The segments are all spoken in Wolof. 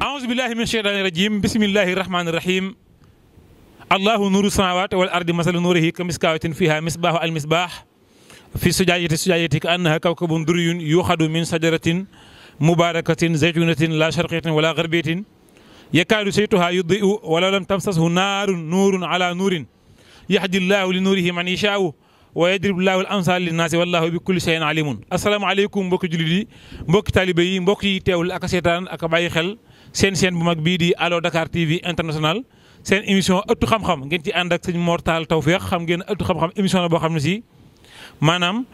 أعوذ بالله من الشيطان الرجيم بسم الله الرحمن الرحيم الله نور السماوات والأرض مثل نوره كمسكاة فيها مصباح المصباح في سجاجة سجاجة كأنها كوكب دري يوخد من شجرة مباركة زيتونة لا شرقية ولا غربية يكاد سيتها يضيء ولو لم تمسسه نار نور على نور يهدي الله لنوره من يشاء وayadrib الله الامثال للناس والله بكل شيء عليم السلام عليكم asalaamaaleykum mbokki jullit yi mbokki taalibe yi mbokk yi teewul ak seen chaîne bu mag bii di allo Dakar TV international seen émission ëttu xam-xam ngeen ci ànd ak sëñ Mortal Tawféex xam ngeen ëttu xam-xam émission la boo xam ne si maanaam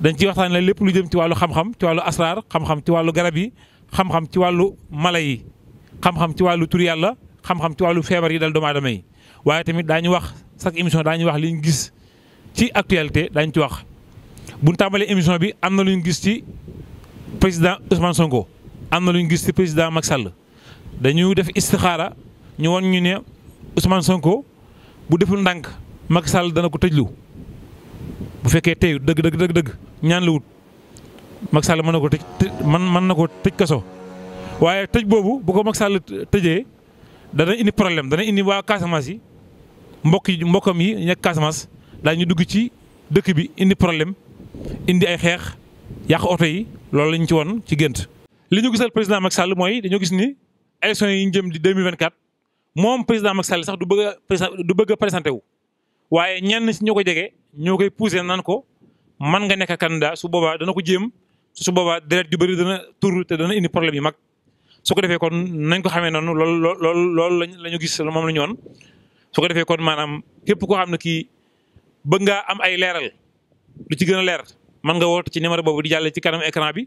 dañ ciy waxtaan la lépp lu jëm ci wàllu xam-xam ci wàllu asraar xam-xam ci wàllu garab yi xam-xam ci wàllu mala yi xam-xam ci wàllu tur yàlla xam-xam ci wàllu feebar yi dal doomu yi waaye tamit daañu wax chaque émission daañu wax li gis ci actualité daañu ci wax bu ñu tàmbalee émission bi am na lu gis ci président Ousmane am na lu ñu gis ci président Macky Sall dañu def istixaara ñu won ñu ne Ousmane Sonko bu deful ndànk Macky Sall dana ko tëj tëjlu bu fekkee tey dëgg dëgg dëgg dëgg ñaan la wut Macky Sall mën na ko tëj man mën na ko tëj kaso waaye tëj boobu bu ko Macky sàll tëjee dana indi problème dana indi waa Casamance yi mbokk yi mbokkam yi nekk Casamance daañu dugg ci dëkk bi indi problème indi ay xeex yàq oto yi loolu lañ ci woon ci gént. li ñu gisal président Macky Sall moy dañu gis ni élection yi ñu jëm di 2024 mom président Macky Sall sax du bëgg du bëgg présenté wu. waye ñen ci ñoo ko jege ñoo koy poussé naan ko man nga nek candidat su boba dana ko jëm su boba direct du bari dana tour te dana indi problème yi mak su ko défé kon nañ ko xamé non lool lool lool lañu gis mom lañu ñu su ko défé kon manam képp ko xam ki bëgg am ay léral lu ci gëna lér man nga woote ci numéro bobu di jàll ci kanam écran bi.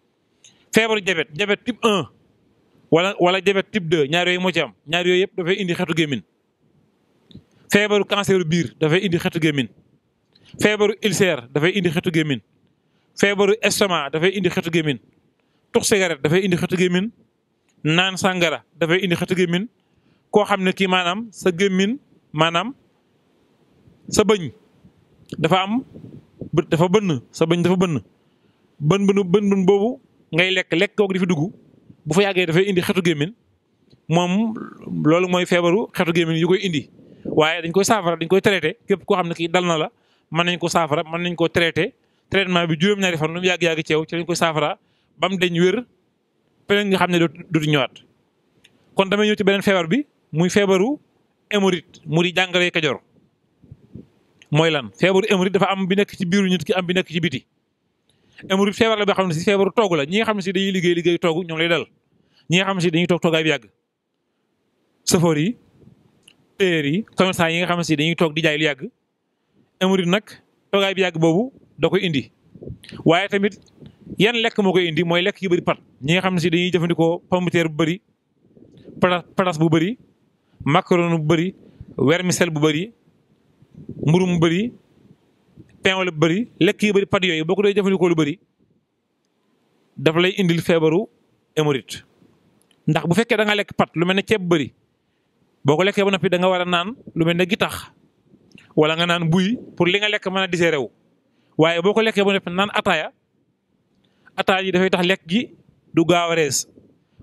feebaru jabet jabet type 1 wala wala jabet type 2 ñaar yooyu moo ci am ñaar yooyu yëpp dafay indi xetu gémmin feebaru canceru biir dafay indi xetu gémmin feebaru ulcère dafay indi xetu gémmin feebaru estomac dafay indi xetu gémmin tux cigarette dafay indi xetu gémmin naan sàngara dafay indi xetu gémmin koo xam ne kii maanaam sa gémmin maanaam sa bëñ dafa am dafa bënn sa bëñ dafa bënn bën bënu bën bën boobu ngay lekk lekk googu di fi dugg bu fa yàggee dafay indi xetu gémmin moom loolu mooy feebaru xetu gémmin yu koy indi waaye dañ koy saafara dañ koy traité képp koo xam ne kii dal na la mën nañ ko saafara mën nañ ko traité traitement bi juróom-ñaari fan lu mu yàgg yàgg ceew ci lañ koy saafara bam mu deñ wér beneen nga xam ne dootu ñëwaat. kon damay ñëw ci beneen feebar bi muy feebaru hémorroïde mu di jàngale Kajoor mooy lan feebaru hémorroïde dafa am bi nekk ci biiru nit ki am bi nekk ci biti. hémorroïde feebar la boo xam ne si feebaru togg la ñi nga xam ne si dañuy liggéey liggéey togg ñoom lay dal ñi nga xam ne si dañuy toog toogaay bi yàgg safoor yi téer yi commerçant yi nga xam ne si dañuy toog di jaay lu yàgg hémorroïde nag toogaay bi yàgg boobu da koy indi waaye tamit yan lekk moo koy indi mooy lekk yu bëri pat ñi nga xam ne si dañuy jëfandikoo pomme de terre bu bëri patas bu bëri macaron bu bëri vermicelle bu bari mburu mu bari pain lu bari lekk yu bëri pat yooyu boo ko dee jëfandikoo lu bëri daf lay indil feebaru hémorroïde ndax bu fekkee da nga lekk pat lu mel ne ceeb bëri boo ko lekkee ba noppi da nga war a naan lu mel ne gitax wala nga naan buy pour li nga lekk mën a digéré wu waaye boo ko lekkee ba noppi naan ataaya ataaya yi dafay tax lekk gi du gaaw a rees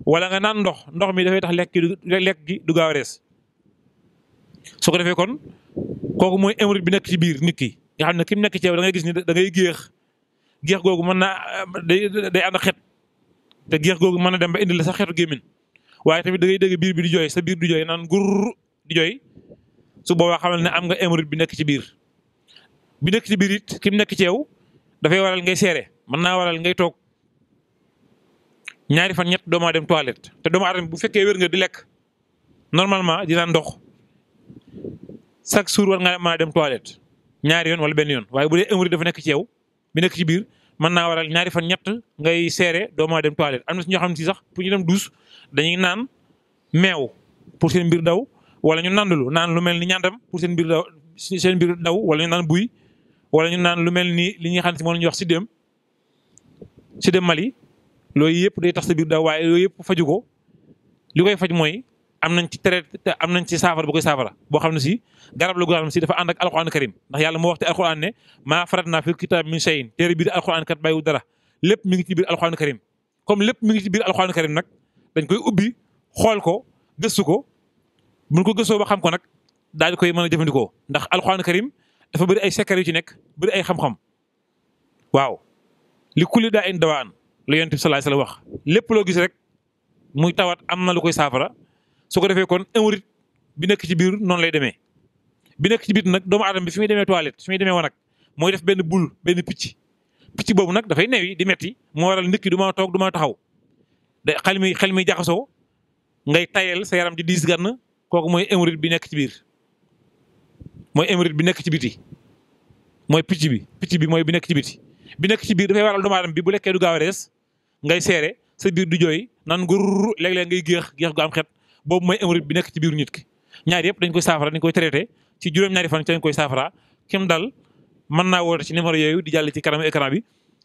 wala nga naan ndox ndox mi dafay tax lekk gi du lekk gi du gaaw rees su ko defee kon kooku mooy hémorroïde bi nekk ci biir nit ki. nga xam ne ki mu nekk ci yow da ngay gis ni da ngay géex géex googu mën naa day day ànd xet te géex googu mën na dem ba indi la sax xetu gémmiñ waaye tamit da ngay dégg biir bi di jooy sa biir di jooy naan gur di jooy su boobaa xamal ne am nga hémorroïde bi nekk ci biir bi nekk ci biir it ki nekk ci yow dafay waral ngay seere mën naa waral ngay toog ñaari fan ñett doomaa dem toilette te doomu aadama bu fekkee wér nga di lekk normalement dina ndox chaque jour war nga mën a dem toilette ñaari yoon wala benn yoon waaye bu dee ëmri dafa nekk ci yow bi nekk ci biir mën naa waral ñaari fan ñett ngay seere doo dem toilette am na si ñoo xam ne si sax pour ñu dem douche dañuy naan meew pour seen mbir daw wala ñu nandulu naan lu mel ni ñandam pour seen mbir daw seen daw wala ñu naan buy wala ñu naan lu mel ni li ñuy xam ne si moom la ñuy wax sidéem sidéem Mali loolu yëpp day tax sa biir daw waaye loolu yëpp faju ko li koy faj mooy am nañ ci tere am nañ ci saafara bu koy saafara boo xam ne si garab la goo xam si dafa ànd ak alxuraan karim ndax yàlla moo wax te alxuraan ne maa farat naa fi kitaab min shay'in téere biir alxuraan kat bàyyiwu dara lépp mi ngi ci biir alxuraan karim comme lépp mi ngi ci biir alxuraan karim nag koy ubbi xool ko gëstu ko mun ko gëstoo xam ko nag daal koy mën a jëfandikoo ndax alxuraan karim dafa bëri ay secret yu ci nekk bëri ay xam-xam waaw li kulli daa in dawaan la yonent bi sallallahu wax lépp loo gis rek muy tawat am na lu koy saafara su ko defee kon émorite bi nekk ci biir noonu lay demee bi nekk ci biir nag doomu aadama bi fi muy demee toilette fi muy demee wanag mooy def benn bul benn picc picc boobu nag dafay newi di metti moo waral nit toog du ma taxaw da xel xel mi jaxasoo ngay tayel sa yaram di diis gann kooku mooy émorite bi nekk ci biir mooy émorite bi nekk ci biti mooy picc bi picc bi mooy bi nekk ci biti bi nekk ci biir dafay waral doomu aadama bi bu lekkee du gaaw a rees ngay seere sa biir du jooy naan gurur léeg-léeg ngay géex géex gu am xet boobu mooy hémorroïde bi nekk ci biir nit ki ñaar yëpp dañ koy saafara dañ koy traité ci juróom-ñaari fan ci dañ koy saafara kim dal mën naa woote ci numéro yooyu di jàll ci kanamu écran bi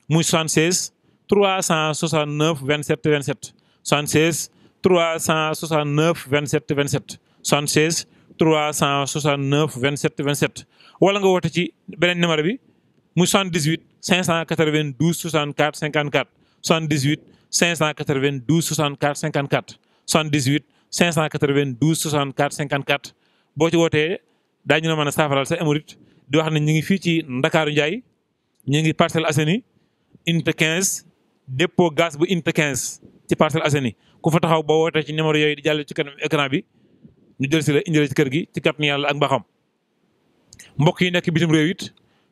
muy 76 369 27 27 76 369 27 27 76 369 27 27 wala nga woote ci beneen numéro bi muy 78 592 64 54 78 592 64 54 78 592 64 54 boo ci wootee daañu la mën a saafaral sa émorite di wax ne ñu ngi fii ci Ndakaaru Ndiaye ñu ngi Parcelles Assainies unité 15 dépôt gaz bu unité 15 ci ku fa taxaw boo wootee ci numéro yooyu di jàll ci kanam écran bi ñu jël si la indi la kër gi ci kàttanu yàlla ak mbaxam mbokk yi nekk bitim réew it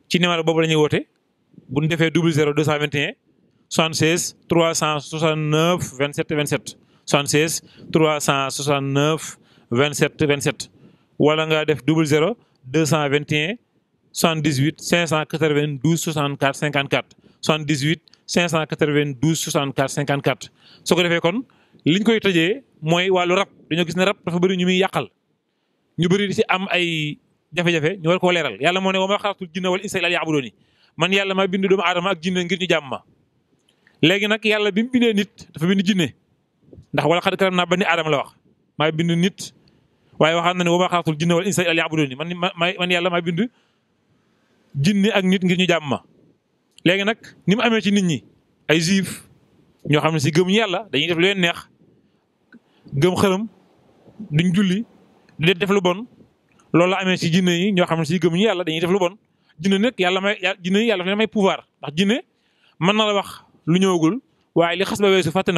ci numéro boobu la ñuy woote bu ñu defee double zéro deux cent vingt et un soixante seize trois cent soixante 76 369 27 27 wala nga def 00 221 78 592 64 54 78 592 64 54 su ko defee kon liñ koy tëjee mooy wàllu rab dañoo gis ne rab dafa bëri ñu muy yàqal ñu bëri di si am ay jafe-jafe ñu war koo leeral yàlla moo ne wa ma xalaqtul jinna wal insa illa liya'buduni man yàlla ma bind doomu aadama ak jinne ngir ñu jàmm ma léegi nag yàlla bi bindee nit dafa bind jinne ndax wala xad karam na bani adam la wax may bind nit waye waxan na ni wama khalaqul jinna wal insa illa liya'buduni man man yàlla may bind jinni ak nit ngir ñu jàmm legi nak nag amé ci nit ñi ay jif ño xamni ci gëm yàlla dañuy def lu leen neex gëm xërëm duñ julli di def lu bon loolu la amé ci jinne yi ño xamni ci gëm yàlla dañuy def lu bon jinne nag yàlla may jinne yàlla dafa may pouvoir ndax jinne man na la wax lu ñewugul waye li xas ba weesu fàtte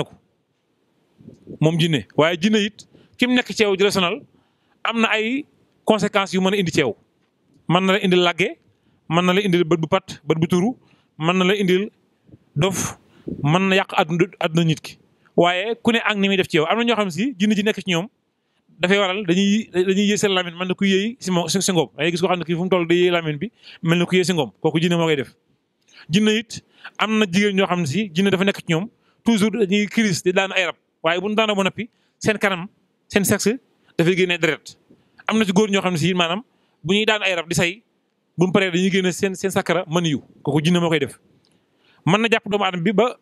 moom jinne waaye jinne it ki mu nekk ci yow la sonal am na ay conséquences yu mën a indi ci yow mën na la indil làgge mën na la indil bët bu pat bët bu turu mën na la indil dof man na yàq àdduna nit ki waaye ku ne ak ni muy def ci am na ñoo xam si jinne ji nekk ci ñoom dafay waral dañuy dañuy yëy seen lamine mën na ku yëy si moom si ngoom xam ne kii fu mu toll day yëy lamine mel na ku yëy si ngoom kooku jinne moo koy def jinne it am na jigéen ñoo xam ne si jinne dafa nekk ci ñoom toujours ñuy crise di daan ay rab waaye bu ñu daanoo ba noppi seen kanam seen sexe dafay génnee deret am na ci góor ñoo xam ne si maanaam bu ñuy daan ay rab di say bu mu paree dañuy génne seen seen sakkara mën yu kooku jinne moo koy def. mën na jàpp doomu aadama bi ba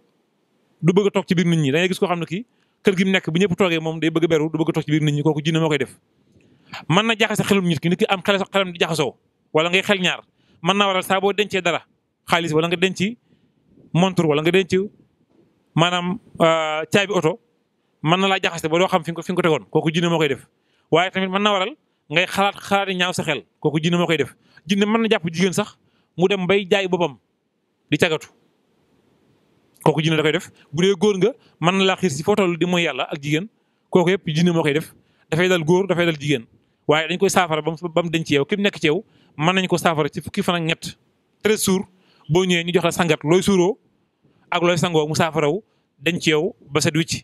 du bëgg a ci biir nit ñi da ngay gis koo xam ne kii kër gi mu nekk ñëpp toogee moom day bëgg a beru du bëgg a toog ci biir nit ñi kooku jinne moo koy def. mën na jaaxase xelum nit ki nit ki am xel xelam di jaxasoo wala ngay xel ñaar mën naa waral saa dencee dara xaalis wala nga denc montre wala nga denc maanaam euh, caabi oto mën na laa jaxase ba doo xam fi nga ko fi nga ko tegoon kooku jinne moo koy def waaye tamit na waral ngay xalaat xalaat ñaaw sa kooku jinne moo koy def jinne mën na jàpp jigéen sax mu dem bay jaay boppam di cagatu kooku jinne da koy def bu dee góor nga mën na laa xiir si foo di mooy yàlla ak jigéen kooku yëpp jinne moo koy def dafay dal góor dafay dal jigéen waaye dañ koy saafara ba mu ba mu denc yow ki mu nekk ci yow mën nañ ko saafara ci fukki fan ak ñett treize jours boo ñëwee ñu jox la sangat looy suuroo ak looy sangoo mu saafaraw denc yow ba set wicc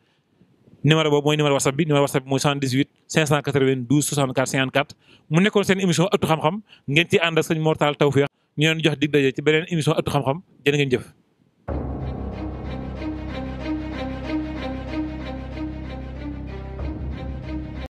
numéro boobu mooy numéro whatsapp bi numéro whatsapp bi mooy 78 592 64 54 mu nekkoon seen émission ëttu xam-xam ngeen ci ànd ak Mortal Tawféex ñu leen jox dig daje ci beneen émission ëttu xam-xam jërë ngeen jëf